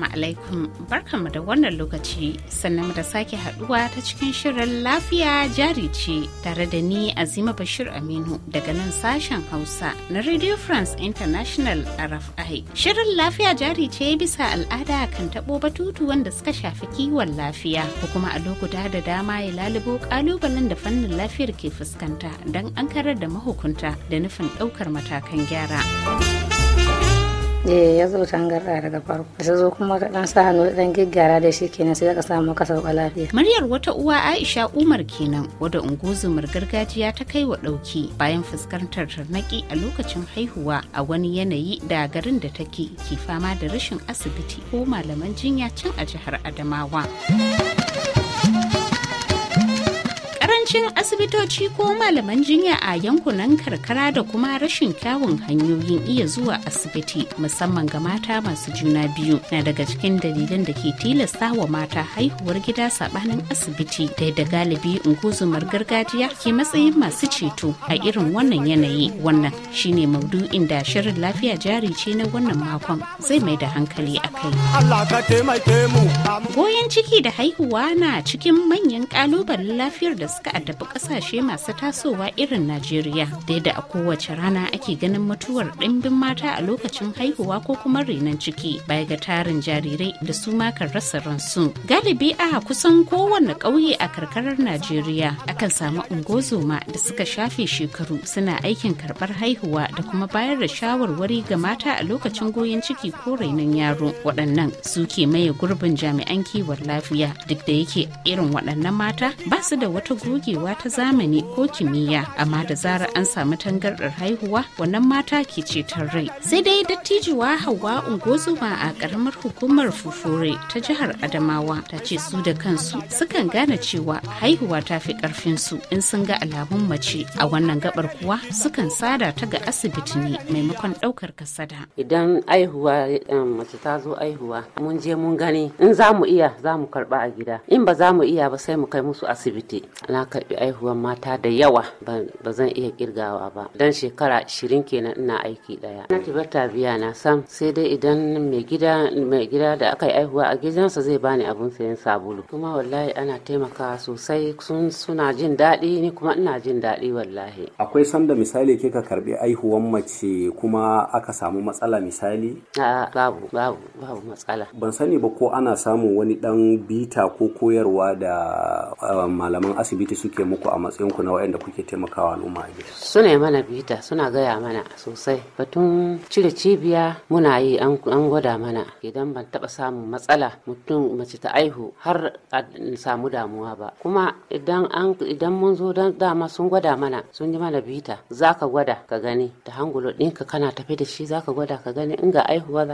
Assalamu alaikum barkanmu da wannan lokaci sannan da sake haduwa ta cikin shirin lafiya jari ce tare da ni Azima Bashir Aminu daga nan sashen Hausa na Radio France International RFI. Shirin lafiya jari ce bisa al'ada kan tabo batutu wanda suka shafi kiwon lafiya ko kuma a lokuta da dama ya lalubo kalubalen da fannin lafiyar ke fuskanta don an karar da mahukunta da nufin daukar matakan gyara. eh ya zuba tangarɗa daga farko da zo kuma ka dan sa hannu dan giggara da shi kenan sai ka samu ka sauka lafiya maryar wata uwa Aisha Umar kenan wadda unguzumar gargajiya ta kai wa dauki bayan fuskantar tarnaki a lokacin haihuwa a wani yanayi da garin da take ke fama da rashin asibiti ko malaman jinya can a jihar Adamawa. yawancin asibitoci ko malaman jinya a yankunan karkara da kuma rashin kyawun hanyoyin iya zuwa asibiti musamman ga mata masu juna biyu na daga cikin dalilan da ke tilasta wa mata haihuwar gida sabanin asibiti da da galibi unguzumar gargajiya ke matsayin masu ceto a irin wannan yanayi wannan shine maudu'in da shirin lafiya jari ce na wannan makon zai mai da hankali a kai goyon ciki da haihuwa na cikin manyan kalubalen lafiyar da suka addabi kasashe masu tasowa irin najeriya da yadda a kowace rana ake ganin mutuwar ɗimbin mata a lokacin haihuwa ko kuma renon ciki baya ga tarin jarirai da su kan rasa ransu galibi a kusan kowane ƙauye a karkarar najeriya akan samu ungozoma da suka shafe shekaru suna aikin karɓar haihuwa da kuma bayar da shawarwari ga mata a lokacin goyon ciki ko renon yaro waɗannan su ke maye gurbin jami'an kiwon lafiya duk da yake irin waɗannan mata ba su da wata goge wayewa ta zamani ko kimiyya amma da zara an samu tangarɗar haihuwa wannan mata ke ceton rai sai dai dattijuwa hawa ungozuma a karamar hukumar fufure ta jihar adamawa ta ce su da kansu sukan gane cewa haihuwa ta fi karfin su in sun ga alamun mace a wannan gabar kuwa sukan sada ta ga asibiti ne maimakon ɗaukar kasada idan aihuwa eh, mace ta zo aihuwa mun je mun gani in za mu iya za mu karba a gida in ba za mu iya ba sai mu kai musu asibiti na karɓi aihuwan mata da yawa ba zan iya kirgawa ba dan shekara shirin kenan ina aiki daya na tibata biya na sam sai dai idan mai gida da aka yi aihuwa a gidansa zai bani abin sayan sabulu kuma wallahi ana taimakawa sosai sun suna jin daɗi ni kuma ina jin daɗi wallahi akwai sanda misali kika karɓi aihuwan mace kuma aka samu matsala misali a babu babu babu matsala ban sani ba ko ana samun wani dan bita ko koyarwa da um, malaman asibiti su suke muku a matsayin ku na wayanda kuke taimakawa al'umma a gida suna mana bita suna gaya mana sosai batun cire cibiya muna yi an gwada mana idan ban taba samun matsala mutum mace ta aihu har a samu damuwa ba kuma idan idan mun zo dan dama sun gwada mana sun yi mana bita zaka gwada ka gani da hangulo ɗinka kana tafi da shi zaka gwada ka gani in ga aihuwa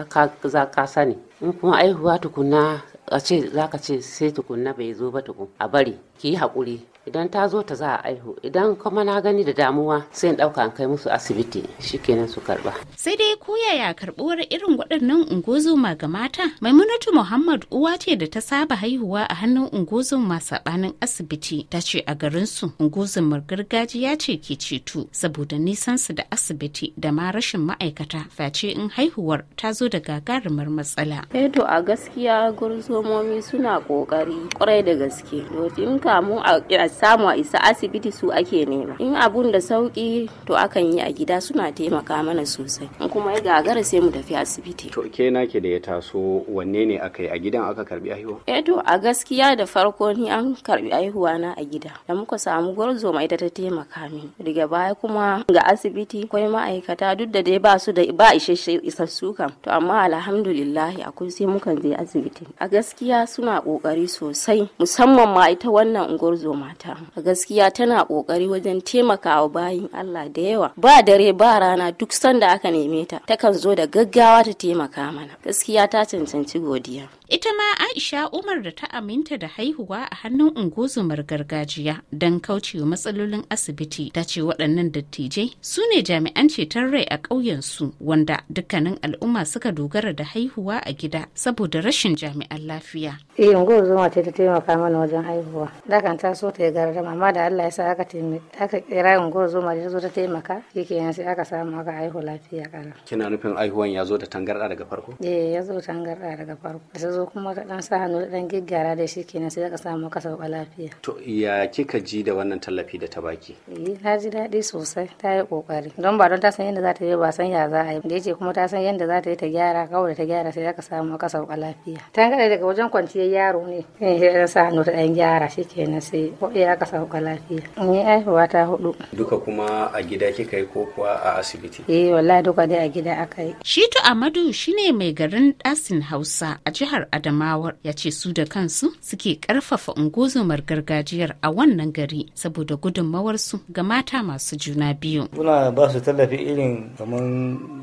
za ka sani in kuma aihuwa tukuna a ce za ka ce sai tukunna bai zo ba tukun a bari ki yi haƙuri idan ta zo ta za a aihu idan kuma na gani da damuwa sai in ɗauka an kai musu asibiti shikenan su karɓa. sai dai ko yaya karɓuwar irin waɗannan ungozoma ga mata maimunatu muhammad uwa ce da ta saba haihuwa a hannun ungozoma saɓanin asibiti ta ce a garinsu ungozomar gargajiya ce ke ceto saboda nisan su da asibiti da ma rashin ma'aikata face in haihuwar ta zo da gagarumar matsala. edo eh to a gaskiya gurzo kwastomomi suna kokari kwarai da gaske in kamu a samu a isa asibiti su ake nema in abun da sauki to akan yi a gida suna taimaka mana sosai in kuma ya gagara sai mu tafi asibiti to ke ke da ya taso wanne ne aka yi a gidan aka karbi haihuwa eh to a gaskiya da farko ni an karbi haihuwa na a gida da muka samu gwarzo mai ta taimaka min riga baya kuma ga asibiti akwai ma'aikata duk da dai ba su da ba isassu kam to amma alhamdulillah akwai sai mukan je asibiti a gaskiya suna kokari sosai musamman ma ita wannan ungurzo mata a gaskiya tana kokari wajen taimakawa bayin Allah da yawa ba dare ba rana duk sanda aka neme ta takan zo da gaggawa ta taimaka mana gaskiya ta cancanci godiya ita ma Aisha Umar da ta aminta da haihuwa a hannun mar gargajiya don kaucewa matsalolin asibiti ta ce waɗannan dattijai su ne jami'an ceton rai a ƙauyensu wanda dukkanin al'umma suka dogara da haihuwa a gida saboda rashin jami'an lafiya. Eh unguwar zuma ce ta taimaka mana wajen haihuwa. Da kan ta so ta garda amma da Allah ya sa aka taimi aka kira unguwar ma ta zo ta taimaka shikenan sai aka samu aka haihu lafiya kana. Kina nufin haihuwan ya zo da tangarda daga farko? Eh ya zo tangarda daga farko. Da ta zo kuma ta dan sa hannu da dan gaggara da shikenan sai aka samu aka sauka lafiya. To ya kika ji da wannan tallafi da ta baki? Eh na ji daɗi sosai ta yi kokari don ba don ta san yadda za ta yi ba san ya za a yi da yace kuma ta san yadda za ta yi ta gyara kawai ta gyara sai aka samu aka sauka lafiya. Tangare daga daga wajen kwanciyar yaro ne in eh, ya sa hannu ta ɗan gyara shi na sai ya aka sauka lafiya ni aihuwa ta hudu duka kuma a gida kika yi ko kuwa a asibiti eh wallahi duka dai a gida aka yi shitu amadu shine mai garin ɗasin hausa a jihar adamawar ya ce su da kansu suke karfafa ungozomar gargajiyar a wannan gari saboda gudunmawarsu ga mata masu juna biyu muna ba su tallafi irin kamar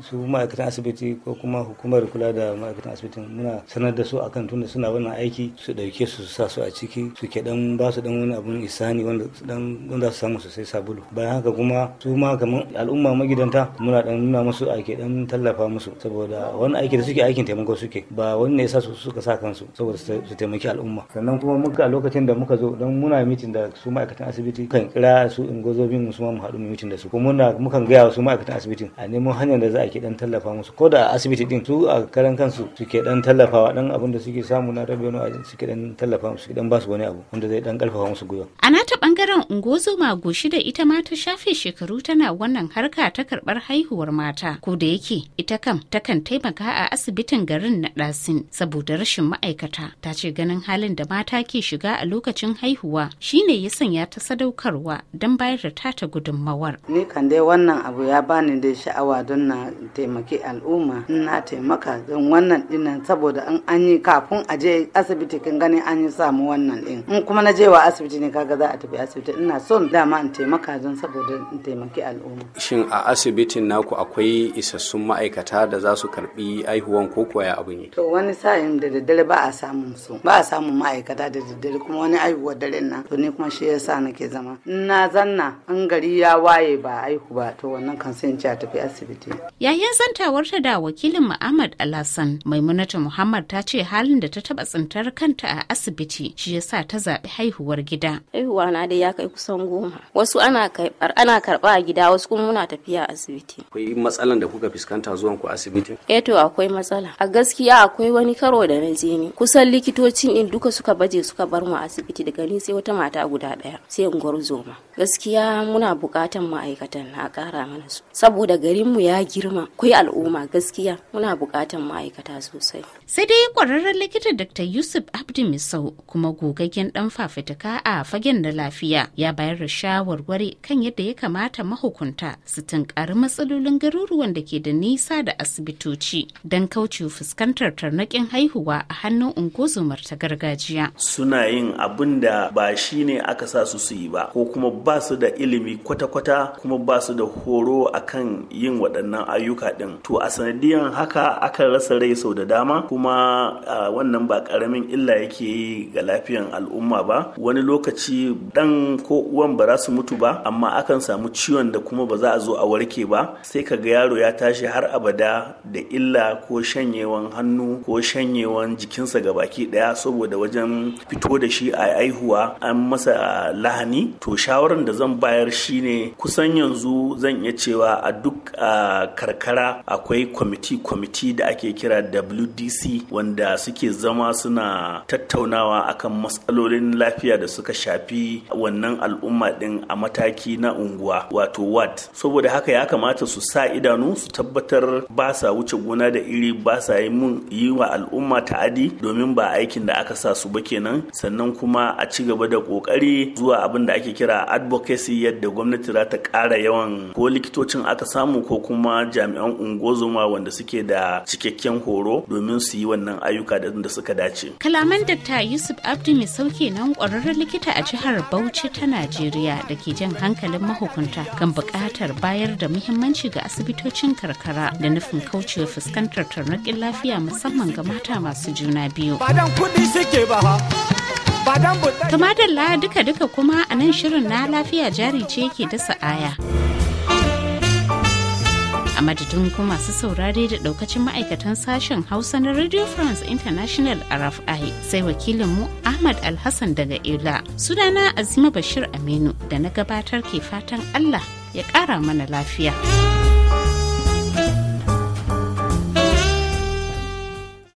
su ma'aikatan asibiti ko kuma hukumar kula da ma'aikatan asibitin muna sanar da su akan tunda suna wannan aiki su dauke su sa su a ciki su ke dan ba su dan wani abun isani wanda dan wanda su samu sosai sabulu bayan haka kuma su ma kamar al'umma magidanta muna dan nuna musu ake dan tallafa musu saboda wani aiki da suke aikin taimako suke ba wani ne sa su suka sa kansu saboda su taimaki al'umma sannan kuma muka a lokacin da muka zo dan muna mitin da su ma'aikatan asibiti kan kira su in ingozobin su ma mu haɗu mu mitin da su kuma muna mukan gaya su ma'aikatan asibitin a neman hanyar da za a ke dan tallafa musu ko da asibiti din su a karan kansu suke dan tallafawa dan abin da suke samu na rabe wani su kiɗan tallafa musu kiɗan ba wani abu wanda zai dan ƙarfafa musu gwiwa a nata bangaren ungozoma goshi da ita ma ta shafe shekaru tana wannan harka ta karɓar haihuwar mata ko da yake ita kam takan taimaka a asibitin garin na ɗasin saboda rashin ma'aikata ta ce ganin halin da mata ke shiga a lokacin haihuwa shine ya sanya ta sadaukarwa don bayar da tata gudummawar. ni kan dai wannan abu ya bani da sha'awa don na taimaki al'umma ina taimaka don wannan dinnan saboda an an yi kafin a je asibiti kin gani an yi samu wannan din in kuma na je wa asibiti ne kaga za a tafi asibiti ina son dama in taimaka don saboda in taimaki al'umma shin a asibitin naku akwai isassun ma'aikata da za su karbi aihuwan ko koya abin yi to wani sa'in da daddare ba a samun su ba a samun ma'aikata da daddare kuma wani aihuwar dare na to ni kuma shi yasa nake zama in na zanna in gari ya waye ba aihu ba to wannan kan sai in ci a tafi asibiti yayin zantawar ta da wakilin Muhammad Alhassan Maimunatu Muhammad ta ce halin da ta taba tsintar kanta a asibiti shi yasa ta zaɓi haihuwar gida. Haihuwa na dai ya kai kusan goma. Wasu ana karɓa a gida wasu kuma muna tafiya a asibiti. Akwai matsalan da kuka fuskanta zuwan ku asibiti? Eh to akwai matsala. A gaskiya akwai wani karo da na je ni. Kusan likitocin in duka suka baje suka bar mu asibiti daga ni sai wata mata guda ɗaya sai in unguwar zoma. Gaskiya muna buƙatan ma'aikatan na ƙara mana su. Saboda garinmu ya girma akwai al'umma gaskiya muna buƙatan ma'aikata sosai. sai dai kwararren likita dr yusuf abdi misau kuma gogaggen dan fafutuka a fagen da lafiya ya bayar da shawarwari kan yadda ya kamata mahukunta su tunkari matsalolin garuruwan da ke da nisa da asibitoci don kauce fuskantar tarnakin haihuwa a hannun ungozumar ta gargajiya suna yin abin da ba shi ne aka sa su su yi ba ko kuma ba su da ilimi kwata-kwata kuma ba su da horo akan yin waɗannan ayyuka din to a sanadiyar haka aka rasa rai sau da dama kuma wannan ba karamin illa yake yi ga lafiyan al'umma ba wani lokaci dan ko uwan ba za su mutu ba amma akan samu ciwon da kuma ba za a zo a warke ba sai ka ga yaro ya tashi har abada da illa ko shanyewan hannu ko shanyewan jikinsa ga baki daya saboda wajen fito da shi a aihuwa an masa lahani to shawaran da zan bayar shine kusan yanzu zan iya cewa a duk karkara akwai kwamiti kwamiti da ake kira wdc wanda suke zama suna tattaunawa akan matsalolin lafiya da suka shafi wannan al'umma din a mataki na unguwa wato wat saboda haka ya kamata su sa idanu su tabbatar ba sa wuce gona da iri ba sa yi mun yi wa al'umma ta'adi domin ba aikin da aka sa su ba kenan sannan kuma a ci gaba da kokari zuwa abin da ake kira advocacy yadda gwamnati za ta kara yawan ko likitocin aka samu ko kuma jami'an unguwa wanda suke da cikakken horo domin su su yi wannan ayyuka da suka dace. Kalaman Dr. Yusuf Abdu mai sauke nan ƙwararren likita a jihar Bauchi ta Najeriya da ke jan hankalin mahukunta kan buƙatar bayar da muhimmanci ga asibitocin karkara da nufin kaucewa fuskantar tarnaƙin lafiya musamman ga mata masu juna biyu. Kamar da duka-duka kuma a nan shirin na lafiya jari ce yake dasa aya. madadin ku masu saurare da daukacin ma'aikatan sashen hausa na radio france international rfi sai wakilinmu ahmad alhassan daga ila sunana azima bashir aminu da na gabatar ke fatan allah ya kara mana lafiya.